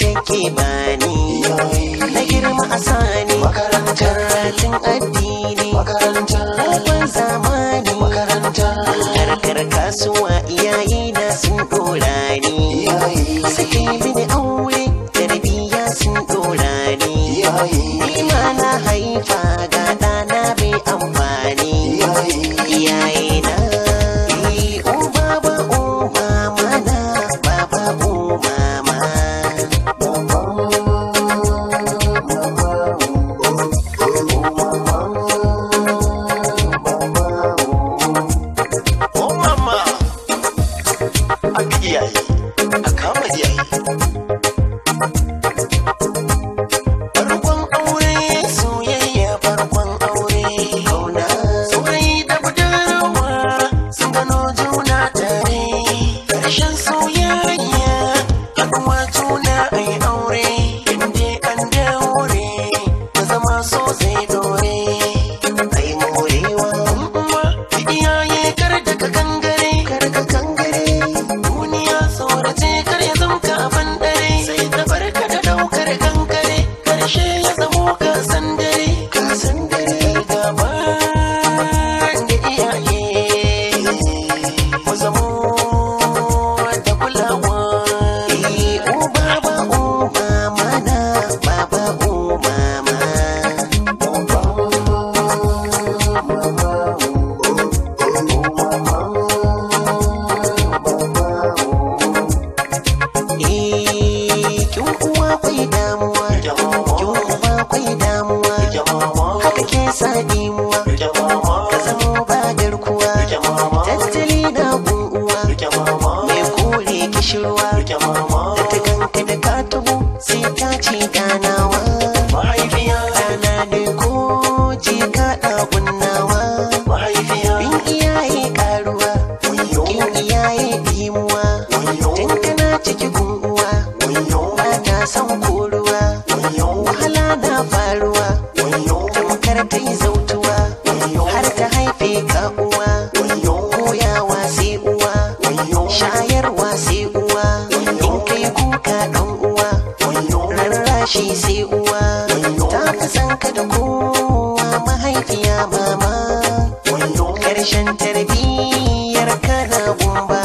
take bani na girma a sani makarantar karatun addini makarantar zamani makarantar harkar kasuwa iyayi na sun ɗora ni sake mini aure tarbiyya sun ɗora ni ni na haifa iyaye a aure soyayya farkon aure kauna soyayya da budurwa sun gano juna tare karshen soyayya haɗuwa juna ai aure inda an daure ta zama so zai eh kin uwa kwai damuwa kin uba kwai damuwa haka ke sa dimuwa ka zamo ba garkuwa tattali na uwa mai kore kishirwa da ta ganka da ka sai ta ce na son koruwa wahala na faruwa tamkar ta yi zautuwa har ta haife ka uwa koyawa sai uwa shayarwa sai uwa in kai kuka ɗan uwa rarrashi sai uwa ta fi san ka da kowa mahaifiya mama ƙarshen tarbiyyar kana gumba